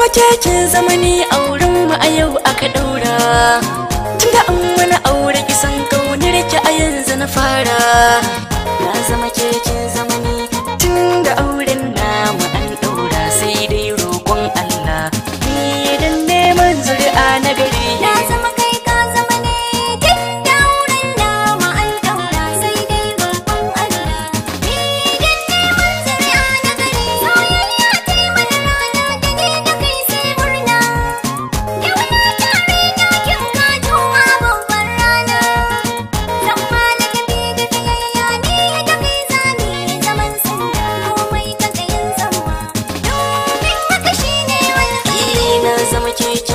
kuma ce zamani a wurin mu a yau aka ɗaura what you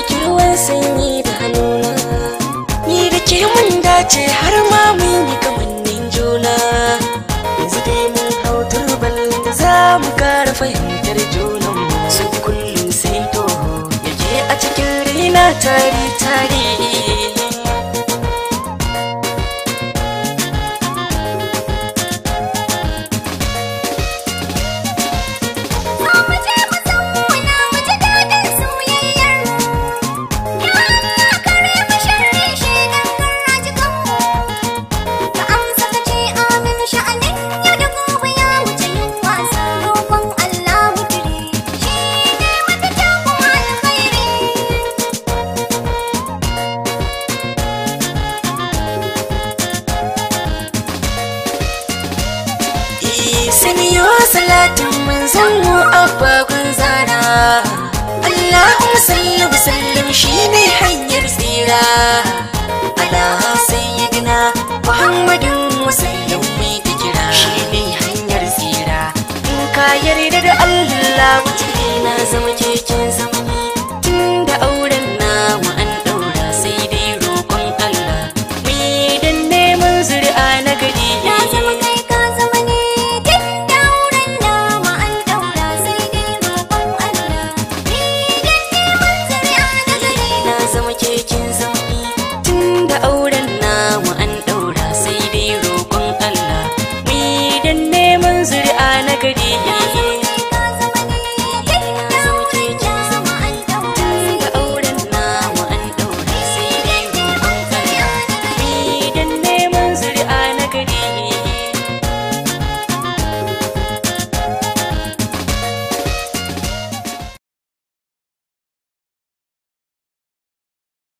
baki ruwan sanyi da hannuna ni da ke mun dace har ma mun yi kamannin juna yanzu dai mun hau turban da za mu kara fahimtar junan su kullum sai to yake a cikin raina tari-tari. salatin manzon mu abba zara Allahumma salli wa shi ne hanyar tsira ala sayyidina Muhammadin musallin mai ta kira shine hanyar tsira in ka yarda da Allah wuce na zama keken